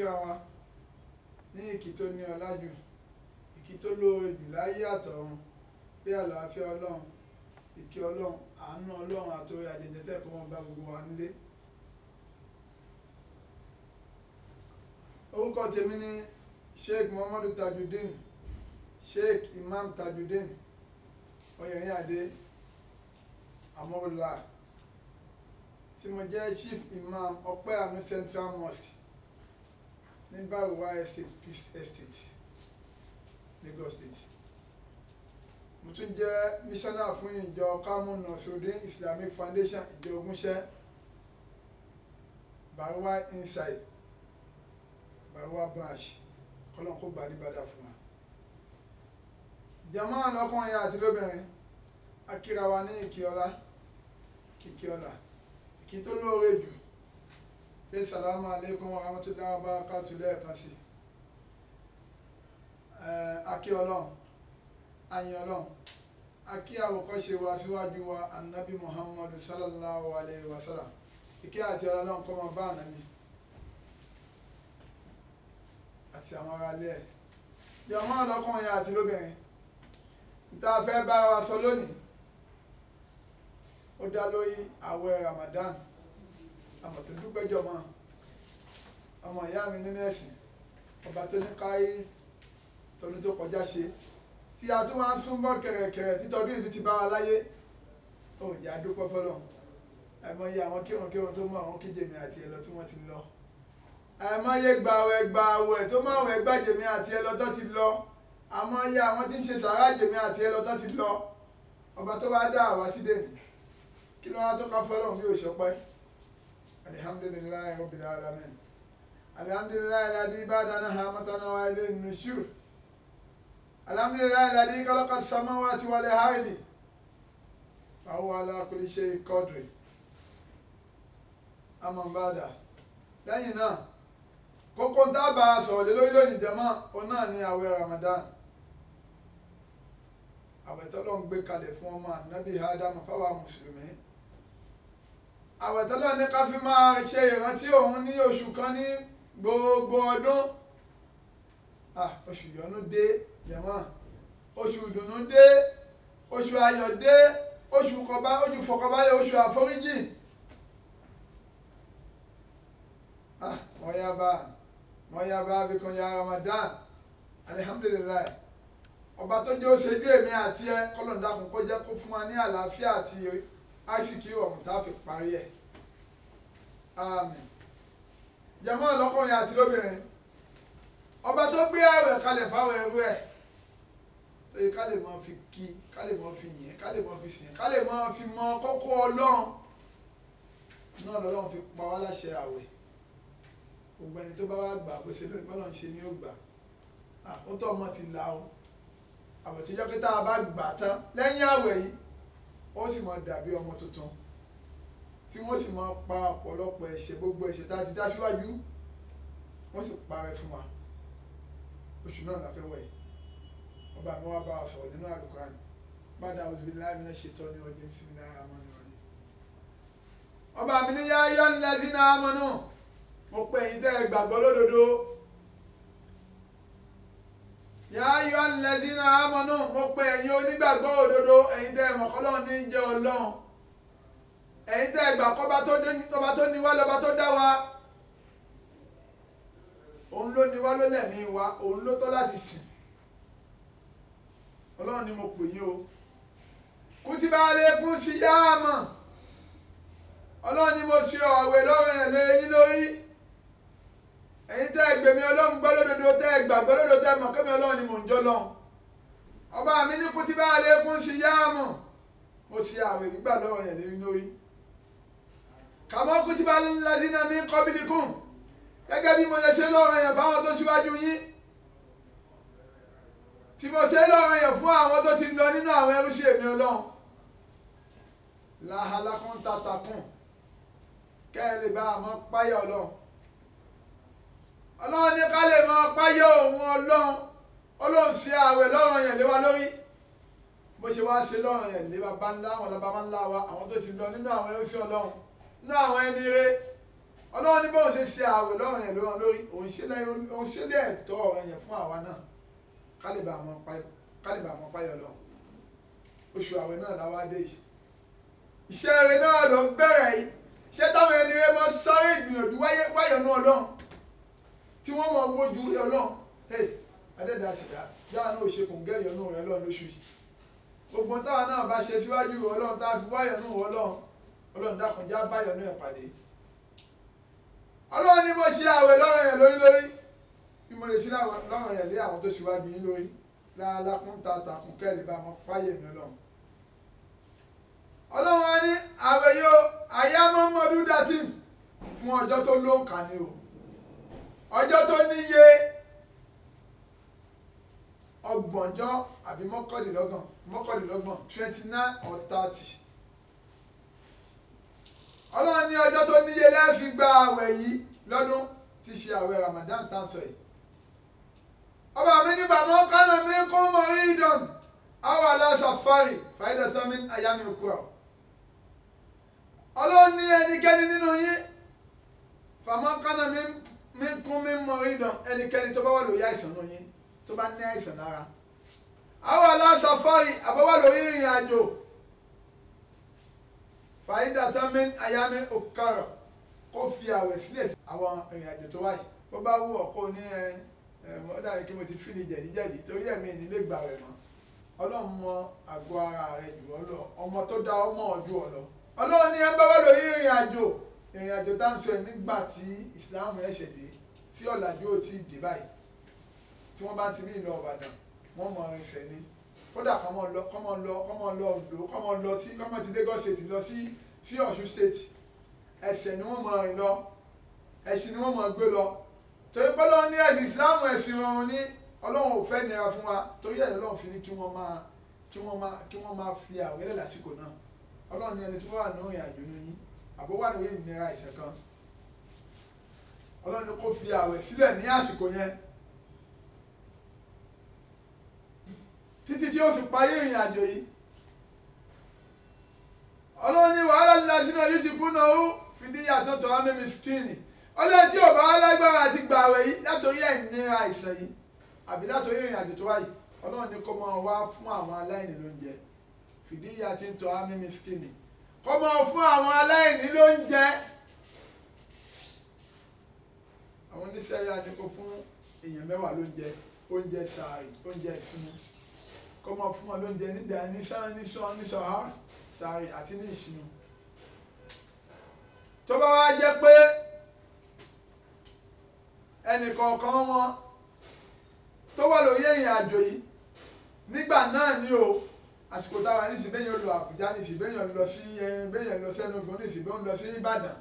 kíra wa ní ìkí tó ní ọlá ìkí tó lóore jù láyé àtọ̀run pé àlàáfíà ọlọ́run ìkí ọlọ́run àánú ọlọ́run àtòrí àjẹjẹtẹ̀ kó wọn bá gbogbo wa nílé. orúkọ tèmi ni Sheikh Muhammadu Tajudeen Sheikh Imam Tajudeen oyèyìn adé amọ́rùlá tí mo jẹ́ Chief Imam ọpẹ́ àánú Central Mosque ní báwòwá estate peace estate Lagos state mo tún jẹ́ mísánná fún ìjọ kamu nasirudin islamic foundation ìjọ ogúnṣẹ́ báwòwá inside báwòwá branch kọ́lọ́n kó gbà nígbàdà fún wa jama lọkùnrin àti lóbìnrin akíra wa ní ìkíọ́lá kìkíọ́lá ìkí tó lóore jù pé salamu aleykum wa rahmatullahi wa barakatuh lẹ́ẹ̀kan sí eh, akí ọlọ́run ayin ọlọ́run akí àwòkọ́ṣe wa síwájú wa anabi muhammadu sallallahu alayhi wa sallam ìkẹ́ àti ọlọ́run kọ́ máa bá ànábì àti àwọn ará ilé ẹ̀ yọmọ ọlọ́kùnrin àti lóbìnrin níta fẹ́ bára wa sọ lónìí ó dá lórí àwẹ̀ ramadan àmọ̀tí dúpẹ́jọ́ mọ́ ọmọ ìyá mi nínú ẹ̀sìn ọba tó ní káyé tọdún tó kọjá ṣe tí a tún máa ń súnbọ́ kẹ̀rẹ̀kẹ̀rẹ̀ títọ́dún ìlú ti bá wa láyé ó jẹ́ àdúpọ̀ fọlọ́ àìmọye àwọn kírunkírun tó mú àwọn kíjèmí àti ẹ̀ lọ tí wọ́n ti lọ àìmọye gbàwẹ̀ gbàwẹ̀ tó mú àwọn ẹgbàjèmí àti ẹ̀ lọ tó ti lọ àmọye àwọn tí ń ṣe sàrá jèmí àti ẹ̀ lọ tó ti lọ ọba tó bá dá àwa sídèmí kí ló wá tó ká fọlọ́ bí òṣọpẹ́ الحمد لله رب العالمين الحمد لله الذي بعدنا نهامتنا وإليه النشور الحمد لله الذي خلق السماوات والأرض فهو على كل شيء قدير أما بعد lẹ́yìn náà kókó tá a bá a sọ̀rọ̀ lé lórí lónìí jẹ́mọ́ òun náà ni àwẹ̀ Ramadan àwẹ̀ tọ́lọ́ ń gbé kalẹ̀ fún ọmọ ànábì ádámù fáwọn mùsùlùmí àwẹ̀ tọ́lọ́ ní ká fi máa ṣe ìrántí òun ní oṣù kan ní gbogbo ọdún oṣù yọnu dé jẹ̀mọ́ oṣù ìdùnnú dé oṣù ayọ̀ dé oṣù kọba oṣù fọkànbalẹ̀ oṣù àforíjì mọ̀yába mọ̀yába bíkan ya Ramadan alihamdulilayi ọba tó jẹ́ ó ṣe ju èmi àti ẹ kọ́lọ̀ ń dákun kó jẹ́ kó fún wa ní àlàáfíà àti ire àṣìkí ọ̀hún tá a fi parí ẹ̀ Amen. jàmọ́ ọlọ́kùnrin àti lóbìnrin ọba tó gbé ààwẹ̀ kalẹ̀ fáwọn ẹrú ẹ̀ pé ká lè mọ fi kí ká lè mọ fi yìn ká lè mọ fi sìn ká lè mọ fi mọ kókó ọlọ́run náà lọ́lọ́run fi pa wá láṣẹ ààwẹ̀ gbogbo ẹni tó bá wá gbà bó ṣe lóyún bọ́lọ́run ṣe ni ó gbà ó ọmọ ti là ó àwẹ̀ tó jẹ́ pé tá a bá gbà tán lẹ́yìn ààwẹ̀ yìí ó sì máa dàbí ọmọ tuntun tí wọ́n sì máa pa ọ̀pọ̀lọpọ̀ ẹ̀ṣẹ̀ gbogbo ẹ̀ṣẹ̀ tá a ti dá síwájú wọ́n sì parẹ́ fún wa oṣù náà la fẹ́ wẹ̀ ọba mi wá bá a sọ̀rọ̀ nínú àlùkùránì bàdà òsibí láàmì náà ṣètò ní ọdún ìsinmi náírà mọ́ ní ọdún. ọba mi ní yá yọ́nlẹ́sìn náà mọ́ náà mo pẹ́ yín tẹ́ ẹ gbàgbọ́ lódodo yáyọ alẹ́dínà amọ̀nà mo pe ẹ̀yin onígbàgbọ́ òdodo ẹ̀yin tẹ́ ẹ̀mọ̀ kọ́lọ́ ní jẹ́ ọlọ́run ẹ̀yin tẹ́ ẹ̀gbà kọ́ba tó dé tọ́ba tó ní wá lọ́ba tó dá wa òun ló ní wá ló lẹ̀mí wa òun ló tọ́ láti sìn ọlọ́run ni mo pè yín o kútìbá lẹ́kún sí yá àmọ̀ ọlọ́run ni mo ṣe ọ̀wẹ̀ lọ́rùn ẹ̀ lé yín lórí ẹ̀yin tẹ́ gbèmí ọlọ́run gbọ́ lódodo tẹ́ ẹ gbàgbọ́ lódodo tẹ́ ẹ mọ̀ kẹ́mi ọlọ́run ni mò ń jọ lọ́run ọba mi ní kú tí bá lè kún sí yá mọ̀ mo ṣe àwẹ̀ gbígbà lọ́wọ́ yẹn ní lórí kàmọ́ kú tí bá lásì náà mi kọ́ bí nìkún gẹ́gẹ́ bí mo ṣe ṣe lọ́rọ̀ yẹn fáwọn tó ṣíwájú yín tí mo ṣe lọ́rọ̀ yẹn fún àwọn tó ti lọ nínú àwọn ẹrú sí èmi ọlọ́run làhálà kan kẹ́ ẹ lè bá àmọ́ páyà ọlọ́run ọlọ́run ní ká lè máa páyé òun ọlọ́run ọlọ́run ṣe ààwẹ̀ lọ́rùn yẹn léwa lórí bó ṣe wá ṣe lọ́rùn yẹn lé bàbá ńlá àwọn bàbá ńlá wa àwọn tó ti lọ nínú àwọn ẹ̀ṣẹ̀ ọlọ́run nínú àwọn ẹni rẹ ọlọ́run ní bóun ṣe ṣe ààwẹ̀ lọ́rùn yẹn lọ́rùn lórí òun ṣe lé ẹ̀tọ́ ọ̀rọ̀ yẹn fún àwa náà ká lè bá àwọn páyọ̀ lọ́rùn oṣù ààwẹ̀ náà la wá dé yìí iṣẹ́ rẹ náà ló ń bẹ̀rẹ̀ yìí ṣé táwọn ẹni rẹ mọ sáré ìgbìyànjú wáyọ̀ náà lọ́rùn tí wọ́n mọ̀ gbójú rí ọlọ́run hey adẹ́dà ṣẹ̀dá yáà náà ò ṣe kò ń gẹ́yọ̀ náà rẹ lọ́run lóṣù yìí gbogbo táwọn náà bá ṣe síwájú ọlọ́run tá a fi wáyọ̀ náà ọlọ́run ọlọ́run dákun já báyọ̀ náà pàdé ọlọ́run ni mo ṣe àwẹ̀ lọ́rọ̀ yẹn lórí lórí bí mo lè ṣe lọ́rọ̀ yẹn lé àwọn tó ṣíwájú yín lórí lálákún ta tàkún kẹ́lẹ́ bá wọn páyẹ̀ mi ọlọ́run ọlọ́run wa ní àwẹ̀ yóò àyámọ́mọ́dún dàtí fún ọjọ́ tó lóǹkà ni o ọjọ́ tó níye ọgbọ̀njọ́ àbí mọ́kàndínlọ́gbọ̀n mọ́kàndínlọ́gbọ̀n twenty nine or thirty ọlọ́run ní ọjọ́ tó níye lẹ́ẹ̀fi gba àwẹ̀ yìí lọ́dún ti ṣe àwẹ̀ Ramadan tá à ń sọ yìí ọba mi ní bàmọ́ kánà mi kún mọ́ ìdán àwọn aláṣàfárì fàídọ̀tọ́ mi àyàmì òkúrọ̀ ọlọ́run ní ẹnikẹ́ni nínú yín fàmọ́ kánà mi mi kún mi mọ rídàn ẹnikẹ́ni tó bá wà lórí àìsàn náà yín tó bá ní àìsàn lára àwọn aláṣà fọ́ọ̀rì àbáwá lórí ìrìn àjò fàyídà tó mi àyà mi ò kárọ̀ kó fi àwẹ̀ sílẹ̀ àwọn ìrìn àjò tó wáyé bó bá wù ọ́ kó ní ẹ ọ dàbí kí mo ti fi ni jẹ̀díjẹ̀dí torí ẹ̀mí ìnílé gbà rẹ̀ mọ́ ọlọ́run mọ àgọ́ ara rẹ̀ jù ọ́ lọ ọmọ tó dá ọmọ ọjọ́ ọ lọ ọlọ́run ní ẹ bá wà lórí ìrìn àjò ìrìn àjò tá à ń sọ yìí nígbà tí ìsìláàmù ẹ̀ṣẹ̀ dé tí ọ̀làjú ò tí ì dé báyìí tí wọ́n bá ti ní ìlọ ọ̀bàdàn wọ́n mọ ọ̀rìn sẹ́ni kódà kọ́mọ lọ kọ́mọ lọ kọ́mọ lọ Oǹdó kọ́mọ lọ tí kọ́mọ ti Lagos state lọ sí sí Ọ̀ṣun state ẹ̀ṣẹ̀ ni wọ́n mọ ọ̀rìn lọ ẹ̀sìn ni wọ́n mọ gbé lọ torí pé lọ́wọ́ ní ẹ̀sìn ìsìláàmù ẹ̀sìn ọ̀run ní ọlọ́run ò fẹ́ nira fún wa torí ẹ̀ lọ́run fi ní kí wọ́n máa kí wọ́n máa kí wọ́n máa fi àwẹ́lẹ̀ lásìkò náà ọlọ́run ní ẹni tí wà ní òrìn àjò ní àbó wà ní ìnira àìsàn kan ọlọ́run kò fi àwẹ̀ sílẹ̀ ní àsìkò yẹn títí tí ó fi parí ìrìn àjò yìí ọlọ́run ní wàhálà ńlá sínú yìí ti kúnà ó fi níyà tó tọ́ ámì mísítìnì ọlọ́run tí ò bá lágbára àti gbà àwẹ̀ yìí látòrí ìnira àìsàn yìí àbí látòrí ìrìn àjò tó wáyé ọlọ́run ní kó máa wá fún àwọn aláìní lóúnjẹ fìdíyà tí ń tọ́ ámì mísítìnì kó máa fún àwọn aláìní lóúnjẹ àwọn oníṣẹ́ yá ni kó fún èèyàn mẹ́wàá lóúnjẹ oúnjẹ sàárì oúnjẹ ìsinmi kó máa fún wọn lóúnjẹ nígbà nísàn nísàn nísàn á sàárì àti ní ìsinmi tó bá wá jẹ́ pé ẹnìkọ̀ọ̀kan wọn tó wà lórí ìrìn àjò yìí nígbà náà ni o àsìkò táwa ní ìsìn bẹ́yàn lọ Àbújá ní ìsìn bẹ́yàn lọ sí bẹ́yàn lọ sẹ́nugbọ́n ní ìsìn bẹ́yàn lọ sí Ìbàdàn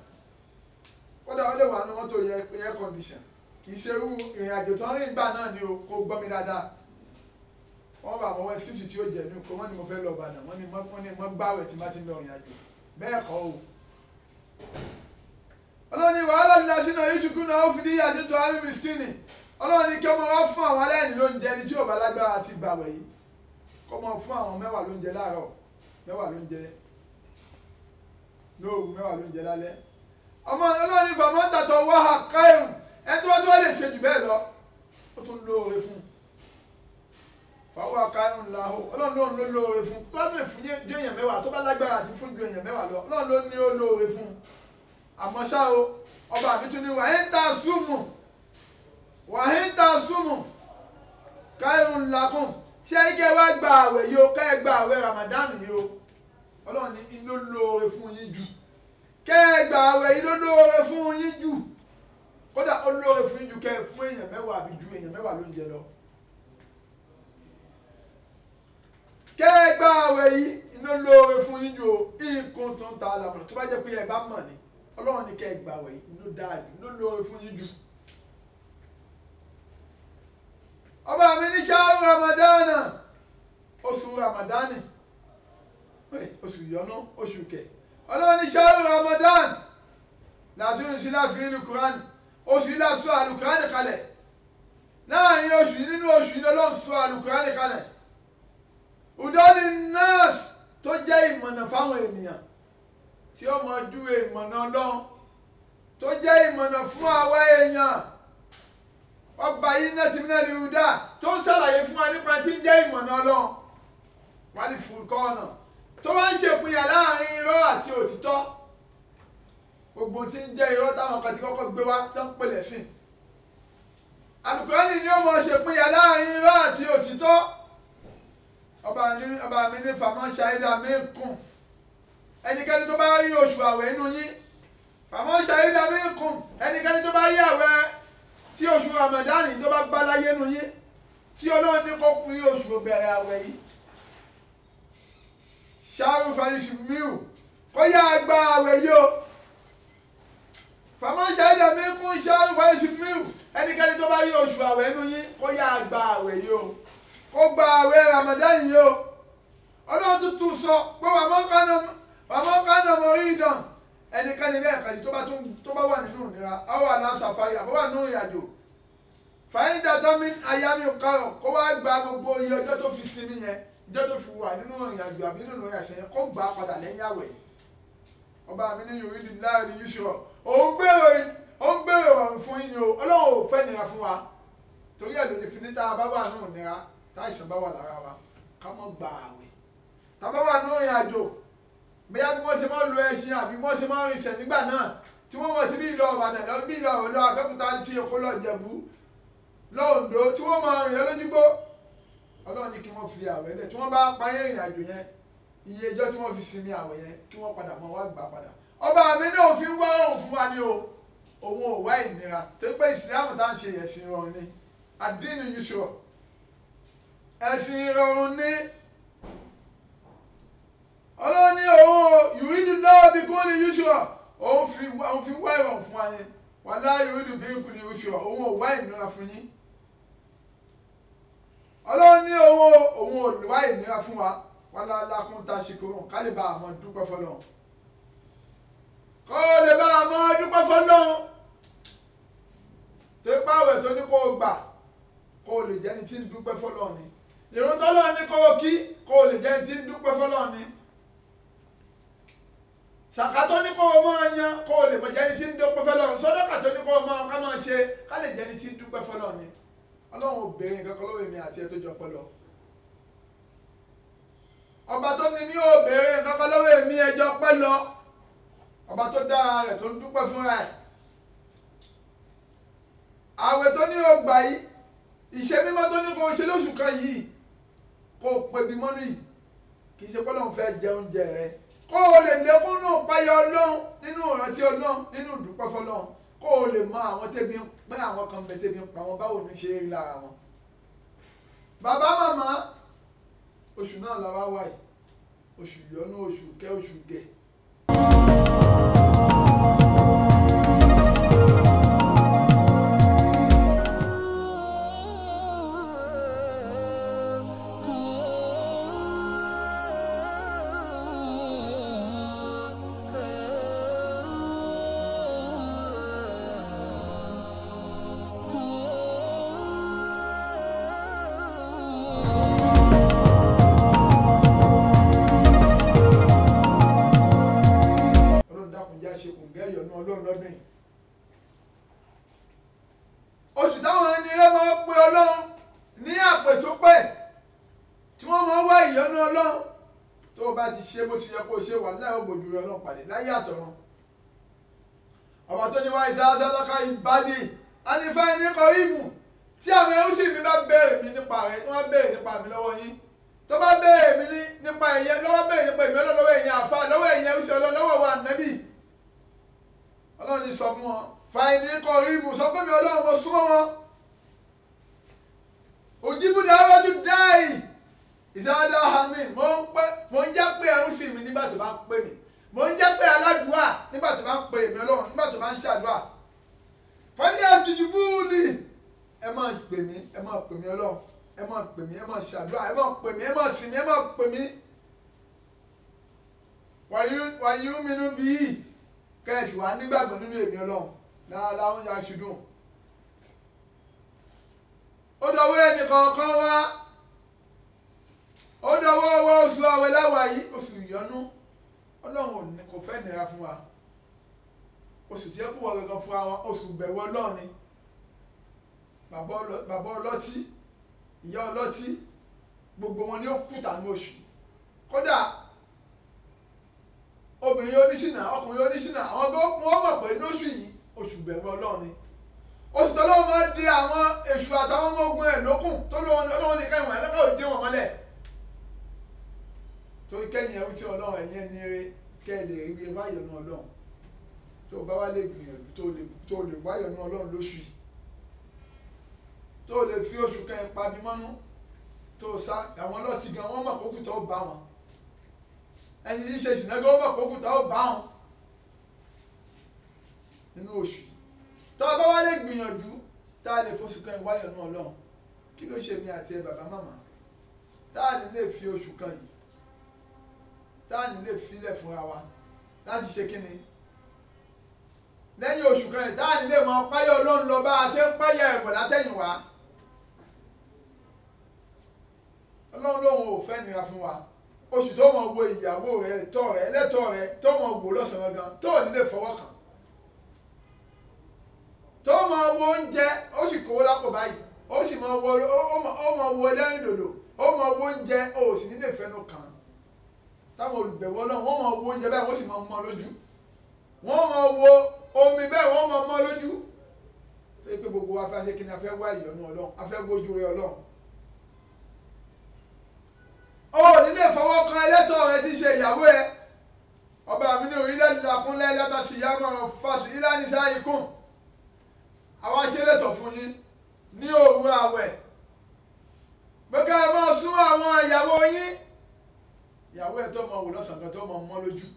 kódà ó lè wà ní mọ́tò air condition kì í ṣe irú ìrìn àjò tó ń rìn gbà náà ni o kò gbọ́ mi dáadáa wọ́n bá àwọn excuse tí ó jẹ ní oko wọ́n ní mo fẹ́ lọ Ìbàdàn wọ́n ní wọ́n ní wọ́n gbàwẹ̀ tí wọ́n ti lọ ìrìn àjò bẹ́ẹ̀ kọ́ o. ọlọ́ni wàhálà ní lásìnà yíṣukú náà ó fi ní àdètò àmì mìsíkìnì ọlọ́ni kí ọmọ wa fún àwọn aláìní lóúnjẹ ní tí ò bá lágbára àti gbàwẹ̀ yìí kó máa fún àwọn mẹ́wàá lóúnjẹ láàárọ̀ mẹ́wàá lóúnjẹ lóòrù mẹ́wàá lóúnjẹ lálẹ́ ọmọ ọlọ́run ní fàmọ́tà tó wá hà káyọ̀n ẹni tó wá tó wá lè ṣe jù bẹ́ẹ̀ lọ ó tún lóore fún fàwọn àkáyọ̀n làhó ọlọ́run ló lóore fún tó bá lè fún ju èèyàn mẹ́wàá tó bá lágbára àti fún ju èèyàn mẹ́wàá lọ ọlọ́run ló ní ó lóore fún àmọ́ ṣá o ọba mi tún ní wàhíń ta ta súnmù káyọ̀n làkùn ṣé kẹ́ wá gba àwẹ̀ yìí o kẹ́ ẹ gba àwẹ̀ Ramadan yìí o ọlọ́run ní inú lóore fún yín jù kẹ́ ẹ gba àwẹ̀ inú lóore fún yín jù kódà ó lóore fún yín jù kẹ́ ẹ fún èèyàn mẹ́wàá àbí ju èèyàn mẹ́wàá lóúnjẹ lọ. kẹ́ ẹ gba àwẹ̀ yìí inú lóore fún yín jù o nǹkan tó ń ta àlàmọ̀ tó bá jẹ́ pé ẹ bá mọ̀ ni ọlọ́run ní kẹ́ ẹ gba àwẹ̀ yìí inú dáàbì inú lóore fún yín jù. ọba mi ní ṣáà ramadana oṣù ramadani osu yọnu osu kẹ ọlọ́run ní ṣáà ramadan làásùn ìṣúná fi ń lu quran oṣù yìí làásùn àlùkùránì kalẹ̀ láàrin oṣù yìí nínú oṣù yìí lọ́lọ́run sọ udoni nurse tó jẹ́ ìmọ̀nà fáwọn ènìyàn tí ó mọ̀ ju ìmọ̀nà ọlọ́run tó jẹ́ ìmọ̀nà fún àwa èèyàn ọba yìí náà ti mílẹ̀ ní udá tó ń ṣàlàyé fún wa nípa tí ń jẹ́ ìmọ̀nà ọlọ́run wọ́n á lè furukọ́ ọ̀nà tó wá ń ṣèpínyà láàrin irọ́ àti òtítọ́ gbogbo tí ń jẹ́ irọ́ táwọn kan ti kọ́kọ́ gbé wá tó ń pèlẹ̀ sí àlùkùránì ni ó mọ̀ ṣèpínyà láàrin irọ́ àti òtítọ́ ọba mi ní fàmọ́ ṣáídà mẹ́kùn ẹnikẹ́ni tó bá rí oṣù àwẹ̀ nínú yín fàmọ́ ṣáídà mẹ́kùn ẹnikẹ́ni tó bá rí àwẹ̀ tí oṣù Ramadan tó bá gbá láyé nu yín tí Ọlọ́run ní kó pin oṣù bẹ̀rẹ̀ àwẹ̀ yìí ṣáàrù fàlìṣì miu kó yá gba àwẹ̀ yìí o fàmọ́ ṣáàdà mi kún ṣáàrù fàlìṣì miu ẹnikẹ́ni tó bá rí oṣù àwẹ̀ nu yín kó yá gba àwẹ̀ yìí o kó gba àwẹ̀ Ramadan yìí o Ọlọ́run tuntun sọ pé wàmọ́ kánà mọ́rí ìdán ẹnikẹ́ni lẹ́ẹ̀kejì tó bá tún tó bá wà nínú ìnira á wà náà sàfárí àbọ̀wà nínú ìrìnàjò fàyídà tọ́mí ayámi kárọ̀ kó wá gba gbogbo iye ọjọ́ tó fi sinmi yẹn ọjọ́ tó fi wà nínú ìrìnàjò àbí nínú ìrìnàjò yẹn kó gbà á padà lẹ́yìn àwẹ̀ ọba mi ní yorùbá ní láàrin yusuf òun gbèrò òun gbèrò ọ̀run fún yín o ọlọ́run ò fẹ́ nira fún wa torí ẹ̀ lòdì fi ní bá wà nínú ìnira tá bá wà lára wa ká mọ́ gbà àwẹ̀ tá wà nínú ìrìnàjò bóyá bí wọ́n ṣe máa ń lo ẹṣin àbí wọ́n ṣe máa ń rìnṣẹ̀ nígbà náà tí wọ́n mọ̀ sí bí ìlọ ọ̀bàdàn lọ bí ìlọ ọ̀lọ́ abẹ́kúta tí èkó lọ jẹ̀bú lọ Oǹdó tí wọ́n máa rìn lọ́lójúgbó Ọlọ́run ní kí wọ́n fi àwẹ̀ lẹ̀ tí wọ́n bá payẹ́ ìrìn àjò yẹn iye ẹjọ́ tí wọ́n fi sinmi àwẹ̀ yẹn kí wọ́n padà mọ́ wá gbà padà ọba mi náà fi ń wá ọ̀hún fún wa ní o òun ò wá ìnira tó pé ìsìlámù tá à ń ṣe ẹ̀sìn rọrùn ni àdínì yusuf ẹ̀sìn rọrùn ni fi òun fi wá ìrọ̀rùn fún wa ni wà láàyè ó dùn bí ikú ni oṣù òun ò wá ìnira fún yín ọlọ́run ní owó òun ò wá ìnira fún wa wà lálákùn tá a ṣe kúrò kálíbà àmọ́ dúpẹ́ fọlọ́ kọ́ lè bá àmọ́ dúpẹ́ fọlọ́ tó bá àwẹ̀ tó ní kó o gbà kó o lè jẹ́ni tí ń dúpẹ́ fọlọ́ ni ìrún tọ́lọ́ ní kó o kí kó o lè jẹ́ni tí ń dúpẹ́ fọlọ́ ni sàkà tó ní kó o máa yan kó o lè mọ jẹ́ni tí ń dúpẹ́ f'Ọlọ́run sọ́dọ́kà tó ní kó o máa ká máa ṣe ká lè jẹ́ni tí ń dúpẹ́ f'Ọlọ́run ni ọlọ́run obìnrin kankan lọ́wọ́ èmi àti ẹ̀ tó jọ pẹ́ lọ ọba tó ní ní obìnrin kankan lọ́wọ́ èmi ẹjọ́ pẹ́ lọ ọba tó dára rẹ̀ tó ń dúpẹ́ fúnra ẹ̀ àwẹ̀ tó ní ọgbà yìí ìṣe mímọ́ tó ní kó o ṣe lóṣù kan yìí kó o pẹ̀bí mọ́nú yìí kì í ṣe pé Ọlọ́run fẹ́ jẹ oúnjẹ rẹ̀ kó o lè lékún náà páyọ ọlọ́run nínú ìrántí ọlọ́run nínú ìdúpẹ́ fọlọ́run kó o lè mọ àwọn tẹ́bi ń pẹ́ àwọn kan bẹ tẹ́bi ń pa wọn báwo ni ṣe rí lára wọn. bàbá màmá oṣù náà làwa wà yìí oṣù yọnú oṣù kẹ oṣù gẹ̀ẹ́ ti ṣe bó ti yẹ kó ṣe wà láì ògbójú rẹ náà pàdé láyé àtọ̀run ọba tó ní wá ìsáàsá lọ́ka ìbádì anífẹ́ ní kọ́rímù tí àwọn ẹrú sì mi bá béèrè mi nípa rẹ tí wọ́n béèrè nípa mi lọ́wọ́ yín tó bá béèrè mi nípa ẹ̀yẹ lọ́wọ́ béèrè nípa ìmọ̀ lọ́wọ́ ẹ̀yẹ àfa lọ́wọ́ ẹ̀yẹ ẹrú sí ọlọ́ wa nẹ́bì ọlọ́run ní sọ fún wọn fàìní kọ̀rímù sọ pé mi ọlọ́run mo súnmọ́ wọn òjìbùdá ọlọ́dún dáì ìṣáádá hami mo ń pẹ́ mo ń jẹ́ pé ẹrúsì mi nígbà tó bá ń pè mí mo ń jẹ́ pé aládùúà nígbà tó bá ń pè mí ọlọ́run nígbà tó bá ń ṣàdúà fọ́nì àṣìjú búùlì ẹ máa pè mí ẹ máa pè mí ọlọ́run ẹ máa pè mí ẹ máa ṣàdúà ẹ máa pè mí ẹ máa sìn ẹ máa pè mí wàyí mi nú bí wà nígbàgbọ́ nínú èmi ọlọ́run láàlá oúnjẹ aṣùdùn ó dọ̀wọ́ ẹnì kọ̀ọ̀kan wá ó dọwọ́ ọwọ́ oṣù àwẹ̀ láwa yìí oṣù ìyọnú ọlọ́run kò fẹ́ nira fún wa oṣù tí ẹ kú wọ gangan fún wa oṣù bẹ̀rù ọlọ́run ni bàbá ọlọ́tí ìyá ọlọ́tí gbogbo wọn ni ó kùtà ní oṣù kódà obìnrin oníṣìnà ọkùnrin oníṣìnà àwọn gbọ́ wọn mọ̀ pé ní oṣù yìí oṣù bẹ̀rù ọlọ́run ni oṣù tó lọ́wọ́ máa ń de àwọn èṣù àtàwọn ọmọ ogun ẹ̀ lókùn tó lọ́wọ́ nìkan ìwọ̀n ẹ̀ lọ́kọ̀ òde wọn mọ́lẹ̀ torí kẹ́yìn ẹrú sí ọlọ́run ẹ̀yìn ẹni eré kẹ́ ẹ lè rí bí wáyọ̀ náà ọlọ́run tó o bá wá lè gbìyànjú tó o lè wáyọ̀ náà ọlọ́run lóṣù yìí tó o lè fi oṣù kan pàbí mọ́nú tó o sá àwọn ọlọ́tí gan wọ́n mọ̀ kókù tó o bá wọn ẹni tí ń ṣe ìsìnágbé wọ́n mọ̀ kókù tó o bá wọn nínú oṣù yìí tó o bá wá lè gbìyànjú tá a lè foṣù kan wáyọ̀ náà ọlọ́run kí ló ṣe mi àti ẹ bàbá màmá tá a lè fi oṣù kan yìí táàyàn lè filẹ̀ fúnra wa láti ṣe kíni lẹ́yìn oṣù kan yẹn táàyàn lè mọ páyọ̀ ọlọ́run lọ bá a ṣe ń páyà ẹ̀bọ̀ látẹ̀yìnwá ọlọ́run lòun ò fẹ́ nira fún wa oṣù tó mọ̀ wo ìyàwó rẹ tọ́ rẹ ẹlẹ́tọ́ rẹ tó mọ̀ wò lọ́sàn-án gan tó ò ní lè fọwọ́ kàn tó mọ̀ wo oúnjẹ ó sì kówó lápò báyìí ó sì mọ̀ wo ó mọ̀ wo ẹlẹ́rìndòdò ó mọ̀ wo oúnjẹ ó sì ní lè fẹnu kàn táwọn olùbẹ̀wò ọlọ́run wọ́n máa wo oúnjẹ báyìí wọ́n sì máa mọ́ lójú wọ́n máa wo omi báyìí wọ́n máa mọ́ lójú tó yẹ pé gbogbo wa fẹ́ ṣe kí ni a fẹ́ wá ìyọ́nú ọlọ́run a fẹ́ gbójú rẹ ọlọ́run ó nílé ìfọwọ́kan ẹlẹ́tọ̀ rẹ ti ṣe ìyàwó ẹ ọba mi ní orílẹ̀ ìlú akúnlẹ̀ lọ́tà ṣìyàmọ̀ fásitì ìlànà ìsáyìkùn àwa ṣe lẹ́tọ̀ fún yín ní òru àwẹ̀ gbogbo àwọn súnmọ́ àwọn ìyàwó ìyàwó ẹ̀ tó máa wò lọ́sàn kan tó máa mọ́ lójú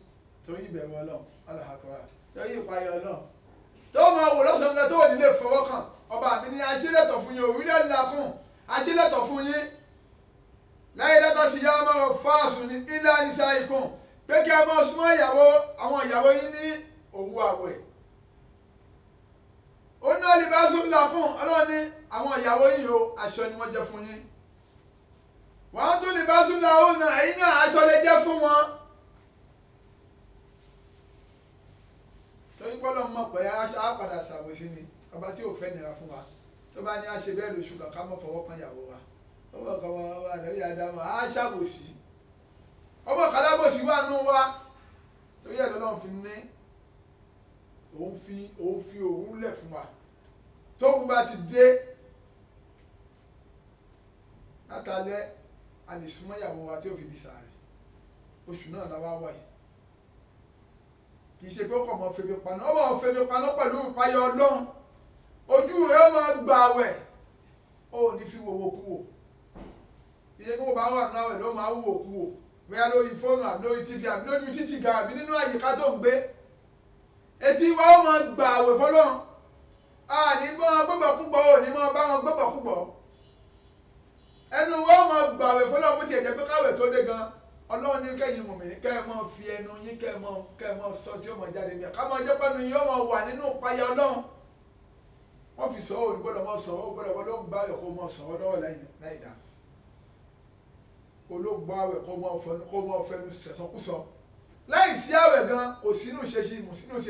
torí ìbẹ̀rù ọlọ́run aláhàkọ́ra torí ìpayà ọlọ́run tó máa wò lọ́sàn kan tó wò nílé fọwọ́ kàn ọba mi ní aṣílẹ̀tọ̀ fún yín orílẹ̀ ńlá kùn aṣílẹ̀tọ̀ fún yín láyé lọ́tọ̀ sí yá máa fáàsù ní ilá nísà ikùn pé kí a máa súnmọ́ ìyàwó àwọn ìyàwó yín ní òwú àwẹ̀ ó ná libásùn làkùn ọlọ́run àwọn ìyàwó wọ́n tún lè bá súnlá òun náà ẹ̀yin náà aṣọ lè jẹ́ fún wọn. lórí pọ́lọ́ mọ̀ pé aṣá padà ṣàbòsí ni ọba tí ò fẹ́ nira fún wa tó bá ní àṣẹ bẹ́ẹ̀ lóṣù kàkà mọ̀ fọwọ́ kan ìyàwó wa ọmọ kan wọn wà lórí àdámọ̀ aṣàbòsí ọmọ kálábòsí wà nù wa torí ẹ̀ lọ́lọ́run fi ní òun fi òun fi òun lẹ̀ fún wa tóun bá ti dé látàlẹ́ a lè súnmọ́ ìyàwó wa tí ò fi di sàárè oṣù náà la wá wà yìí kì í ṣe pé ó kọ̀ mọ́ febi paná ó mọ̀ febi paná pẹ̀lú ìpayọ̀ ọlọ́run ojú rẹ̀ ó máa gbà wẹ̀ ó ní fi wòwò kú wò kì í ṣe pé mo bá wà náà wẹ̀ ló máa wòwò kú wò bóyá lórí fóònù àbí lórí tv àbí lójú títì ga àbí nínú àyíká tó ń gbé etí wa ó máa gbà fọlọ́run àní mọ́ gbọ́gbọ́kúgbọ́ òní mọ́ bá wọn gbọ́gbọ́kúgbọ́ ẹnu wọn máa gbàwẹ̀ fọlọ́run bó tiẹ̀ jẹ́ pé káwẹ̀ tó dé gan ọlọ́run ní kẹ́yìn mọ̀mí kẹ́ ẹ máa fi ẹnu yín kẹ́ ẹ máa kẹ́ ẹ máa sọ tí ó máa jáde bí ẹ ká máa jẹ́ pẹ́nu yín ó máa wà nínú ìpayà ọlọ́run wọ́n fi sọ òòlù gbọ́dọ̀ máa sọ ọ́ gbọ́dọ̀ ọlọ́run gbà wẹ̀ kó máa sọ ọ́ lọ́wọ́ láì dá olóògbà àwẹ̀ kó máa fẹnu sẹ̀sọ́kúsọ láì sí àwẹ̀ gan kò sínú ṣe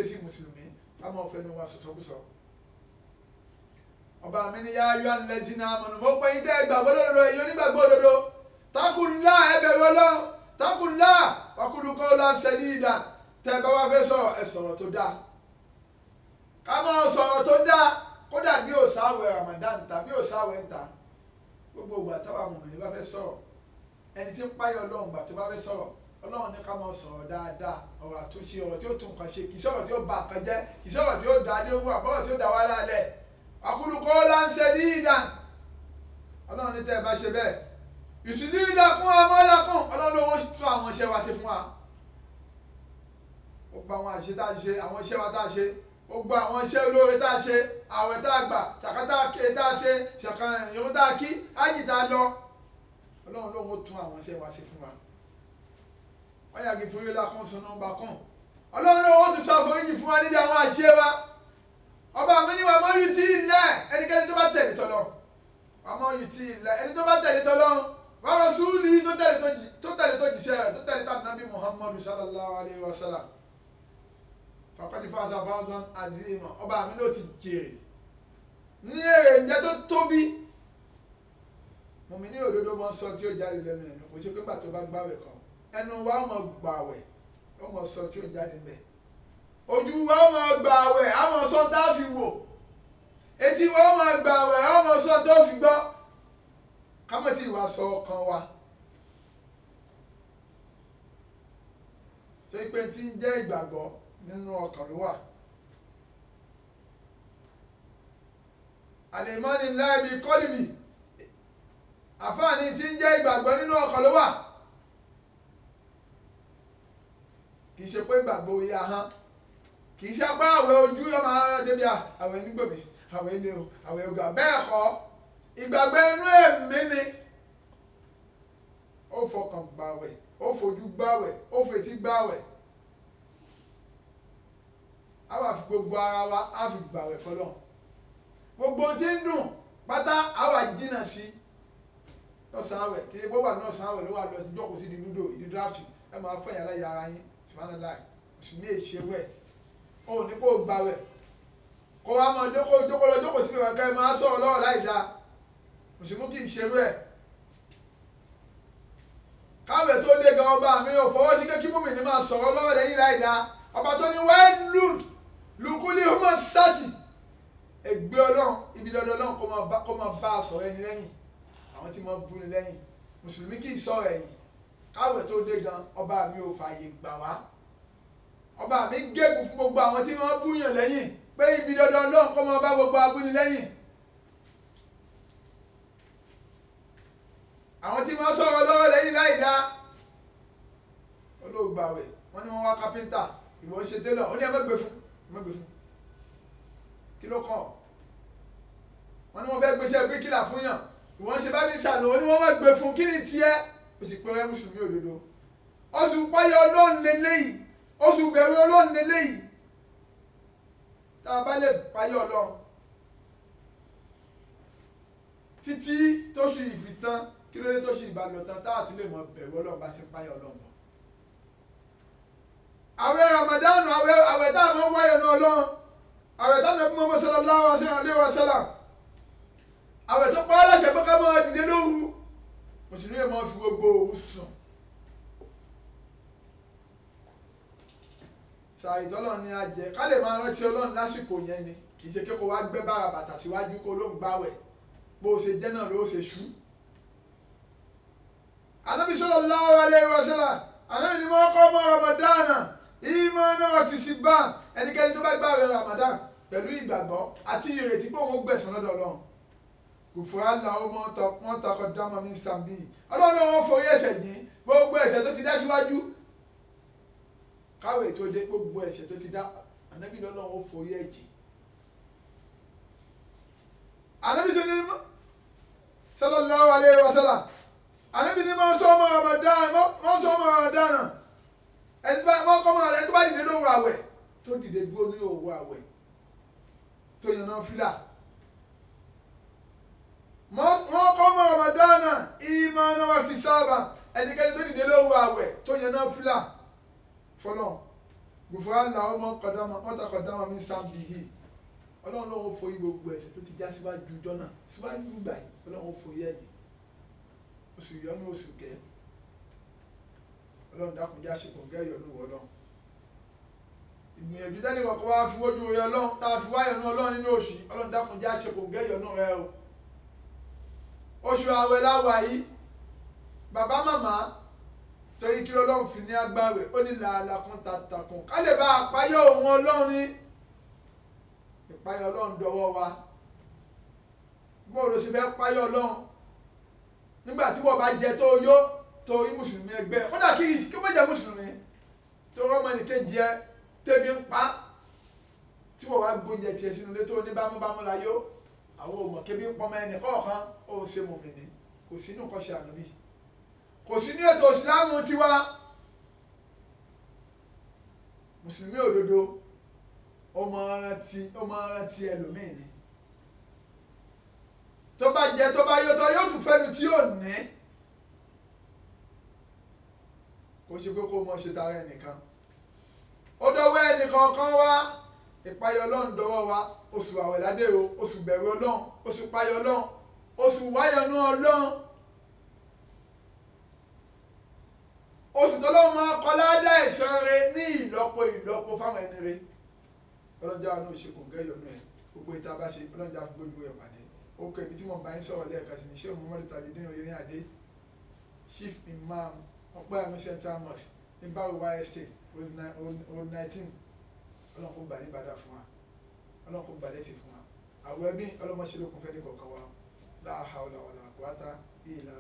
sí mùsùlùmí ká máa fẹnu wa sẹ̀sọ́kúsọ ọba mi ni yá ayọ ànilẹ́jì náà mọ̀nà mo pè yín tẹ́ ìgbàgbọ́ lódodo èyí onígbàgbọ́ òdodo takunlá ẹbẹ̀rù e ọlọ́run takunlá ọkùnrùkọ́ la ṣẹ̀lí ìdá tẹ́ bá wá fẹ́ sọ̀rọ̀ ẹ e sọ̀rọ̀ tó dáa ká mọ́ sọ̀rọ̀ tó dáa kódà bí ò sáwẹ̀ Ramadan ta bí ò sáwẹ̀ ta gbogbo ìgbà táwa mọ̀ ní bá fẹ́ sọ̀rọ̀ ẹni tí ń páyọ̀ ọlọ́run gbà tó bá fẹ́ sọ̀rọ̀ ọlọ́run ní ká máa sọ̀rọ̀ dáadáa ọ̀rọ̀ àtúnṣe ọ̀rọ̀ tí ó tún nǹkan ṣe kì í sọ̀rọ̀ tí ó bà nǹkan jẹ́ kì tí ó dá ní owó àbọ̀rọ̀ tí ó dá wá lálẹ́ àkùlùkọ́ là ń ṣe ní ìdá ọlọ́run ní tẹ́ ẹ bá ṣe bẹ́ẹ̀ ìsìlú ìdá fún ọmọ ọlọ́kùn ọlọ́run ló tún àwọn iṣẹ́ wa ṣe fún wa ó gba àwọn àṣe tá a ṣe àwọn iṣẹ́ wa tá a ṣe ó gba àwọn iṣẹ́ olóore tá a ṣe àwẹ̀ tá a gbà ṣàkátà ké tá a ṣe ṣàkàn ìrún tá a kí ájì tá a lọ ọlọ́run ló tún àwọn iṣẹ́ wa ṣe fún wa wọ́n yàgì fúri lákùn sunu bàkùn ọlọ́run ló tún sọ àforíjì fún wa níbi àwọn àṣe wa ọba mi ni wà mọ́ yìí tí ì lẹ̀ ẹnikẹ́ni tó bá tẹ̀lé tọ́lọ́ wà mọ́ yìí tí ì lẹ̀ ẹni tó bá tẹ̀lé tọ́lọ́ wà lọ súnlì tó tẹ̀lé tó jìṣẹ́ rẹ̀ tó tẹ̀lé tá nàbí Muhammadu sallallahu alayhi wa sallam fàkọ́ni fàṣà fàṣà àdìrìmọ̀ ọba mi ló ti jèrè ní èrè ǹjẹ́ tó tóbi mùmí ní òdodo mọ́ sọ tí ó jáde lẹ́nu ẹ̀nu kò sí pé gbà bá gbàwẹ̀ kan ẹnu wa ó mọ̀ gbàwẹ̀ ó mọ̀ sọ tí ó jáde lẹ́nu ojú wa ó máa gbà àwẹ̀ á máa sọ tá a fi wò etí wa ó máa gbà àwẹ̀ á máa sọ tó fi gbọ́ kámọ́tì wa sọ ọkàn wa. tó pé tí ń jẹ́ ìgbàgbọ́ nínú ọkàn ló wà. àlèmọ́ni láìbi kọ́lìmì àfáàní tí ń jẹ́ ìgbàgbọ́ nínú ọkàn ló wà. kì í ṣe pé ìgbàgbọ́ yà hán kì í ṣe pé àwẹ̀ ojú yóò máa débi àwẹ̀ nígbòmí àwẹ̀ ilé o àwẹ̀ ògà bẹ́ẹ̀ kọ́ ìgbàgbé inú èmi ni ó fọkàn gbàwẹ̀ ó fojú gbàwẹ̀ ó fetí gbàwẹ̀ a wà fi gbogbo ara wa a fi gbàwẹ̀ fọlọ́ gbogbo tí ń dùn pátá a wà jìnnà sí lọ́sàn-án àwẹ̀ kí epo wà lọ́sàn-án àwẹ̀ ló wà lọ jókòó sí di lúdò ìdí dráfì ẹ máa fẹ̀yìn aláya ara yín sùmánà láì sùmí èṣẹ́ wẹ̀ òun ní kó gbàwẹ̀ kó wá máa jókòó jókòó lọ jókòó síbi kankan ẹ máa sọ̀rọ̀ lọ́wọ́ láì dáa mùsùlùmí kì í ṣe bẹ́ẹ̀ káwẹ̀ tó dé gan ọba mi ò fọwọ́ sí kékeré mi ní máa sọ̀rọ̀ lọ́wọ́ lẹ́yìn láì dáa ọba tó ní wẹ́ẹ́lù lukuli human sati ẹgbẹ́ ọlọ́run ibi dandan ọlọ́run kó máa bá a sọ̀rọ̀ ẹni lẹ́yìn àwọn tí máa bú ni lẹ́yìn mùsùlùmí kì í sọ̀rọ̀ ẹ̀yìn káwẹ̀ tó dé gan ọba mi ò fààyè gbà wá ọba mi gégùn fún gbogbo àwọn tí wọ́n búyàn lẹ́yìn pé ibi dandan náà kọ́ máa bá gbogbo abúnilẹ́yìn. àwọn tí wọ́n sọ̀rọ̀ lọ́wọ́ lẹ́yìn láì dá olóògbàwẹ̀ wọ́n ní wọ́n wá kápẹ́ńtà ìwọ ń ṣe tẹ́lọ̀ ó ní ẹgbẹ́ gbé fún ẹgbẹ́ gbé fún kí ló kàn wọ́n ní wọ́n fẹ́ gbéṣẹ́ bíríkìlà fún yàn ìwọ ń ṣe bábí sàlù ó ní wọ́n wọ́n gbé fún kí ni tiẹ̀ ó sì pẹ́rẹ́ mùsùlùmí òdodo ọ̀sùn pọ́yọ ọlọ́run lélẹ́yìí oṣù bẹ̀rù ọlọ́run lélẹ́yìí tá a bá lè payọ́ ọlọ́run títí tóṣù ìfìtán kí ló dé tóṣù ìbàlọ̀tán tá a tún lè mọ bẹ̀rù ọlọ́run bá ṣe payọ́ ọlọ́run lọ. àwẹ̀ Ramadan àwẹ̀ àwẹ̀ tá a máa ń wáyọ̀ náà ọlọ́run àwẹ̀ tá a lè fún ọmọ sallallahu alaihi wasallam àwẹ̀ tó pa á láṣẹ pé ká máa dìde lóru mùsùlùmí máa fi gbogbo òun sùn. ṣàìtọ́lọ́ ni a jẹ ká lè máa rántí ọlọ́run lásìkò yẹn ni kì í ṣe kí kò wá gbẹ́ bára bàtà síwájú kó ló ń gbáwẹ̀ bó o ṣe jẹ́ náà ló ṣe ṣú. Ànábì sallallahu alaihi wasallam Ànábì ni wọ́n kọ́ ọmọ Ramadana ìmọ̀ náà ti sì bá ẹnikẹ́ni tó bá gbà rẹ̀ Ramadan pẹ̀lú ìgbàgbọ́ àti ìrètí pé òun gbẹ̀sán lọ́dọ̀ Ọlọ́run kùfùrà làwọn ọmọ wọn tọkọ dámọ mi sàmbí Ọlọ́run wọn forí ẹ̀ṣẹ̀ yìí gbogbo ẹ̀ṣẹ̀ tó ti dá síwájú káwé tó dé gbogbo ẹ̀ṣẹ̀ tó ti dá ànábì lọ́nà ó forí ẹ̀jẹ̀ ànábì tó ní sallallahu alaihi wasallam ànábì ní máa sọ ọmọ ọmọ dáná máa sọ ọmọ ọmọ dáná ẹni bá wọn kọ́ ọmọ rẹ tó bá dìde lóru àwẹ̀ tó dìde dúró ní òru àwẹ̀ tó yànnà fìlà wọ́n kọ́ ọmọ ọmọ dáná ìmọ̀ ọ̀nà wà ti sábà ẹnikẹ́ni tó dìde lóru àwẹ̀ tó yànnà fìlà fọlọ́n gbòfòrán làwọn ọmọ kọ̀dámà mọ́tà kọ̀dámà mi sàn bì í ọlọ́run ló ń foyí gbogbo ẹ̀ṣẹ̀ tó ti já síwájú jọ́nà síwájú gbà yìí ọlọ́run ó foyí ẹ̀jẹ̀ oṣù yọnu oṣù gẹ́ ọlọ́run dákun já ṣepọ̀ gẹ́ yọnu wọ ọlọ́run ìgbìyànjú dání wọ̀kọ́ wá fi wójú rẹ ọlọ́run tá a fi wá yọnu ọlọ́run nínú oṣù ọlọ́run dákun já ṣepọ̀ gẹ́ yọnu rẹ o oṣù àwẹ̀ láwàá yìí bàbá màmá torí kí ọlọ́run fi ní agbáwẹ̀ ó ní làálàá kan tàtàkùn ká lè bá àpáyọ òun ọlọ́run ní ìpáyọ ọlọ́run dọwọ́ wa bó ló ṣe fẹ́ páyọ ọlọ́run nígbà tí wọ́n bá jẹ tó yó tó rí mùsùlùmí ẹgbẹ́ kódà kí kí wọ́n jẹ mùsùlùmí tó rọ́mọ nìkejì ẹ tẹ́bi ń pa tí wọ́n wá gbóúnjẹ tiẹ̀ sínú ilé tó ní bámúbámú la yó àwọn òmò kébí ń pọmọ ẹnì kọ̀ọ̀kan ó ṣe mọ̀mìnì kò sínú kọ́ṣẹ́ àná bíi kò sí ní ètò ìsìláàmù tiwa mùsùlùmí òdodo ọmọ ara ti ọmọ ara ti ẹlòmíì ni tó bá jẹ tó bá yọtọ yóò tún fẹnu tí yóò ní kò ṣe pé kó mọ ṣe tara ẹnìkan ó dọwọ́ ẹnìkan kan wá ìpayọ Ọlọ́run dọwọ́ wa oṣù àwẹ̀ládé o oṣù bẹ̀rù Ọlọ́run oṣù payọ Ọlọ́run oṣù wáyọnú Ọlọ́run oṣù tó lọ́wọ́ máa kọ́ ládá ẹ̀san rẹ̀ ní ìlọ́po ìlọ́po fáwọn ẹni rẹ̀ ọlọ́jà wa náà ṣe kò gẹ́yọ̀ náà gbogbo ìta bá ṣe ọlọ́jà fún gbogbo ẹ̀ pàdé ó ibi tí wọ́n bá ń sọ̀rọ̀ lẹ́ẹ̀kan sí ní ṣé òun mọ́lẹ̀ tàbí dín orin adé chief imam ọpẹ́ àmì central mosque ní báwíwá estate road nineteen ọlọ́run kò gbà ní ìbàdàn fún wa ọlọ́run kò gbà lẹ́sìn fún wa àwọn ẹbí ọlọ́mọṣẹ́lókun fẹ́ ní kọ̀ọ̀kan wa láàhà ọ̀làwọ̀là àkùrátà ìlà